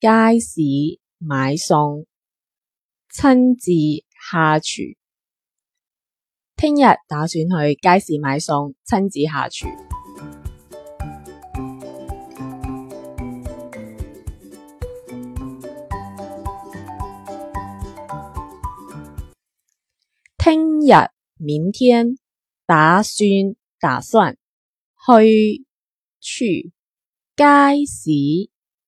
街市買餸，親自下廚。聽日打算去街市買餸，親自下廚。聽日，明天，打算，打算去，去街市。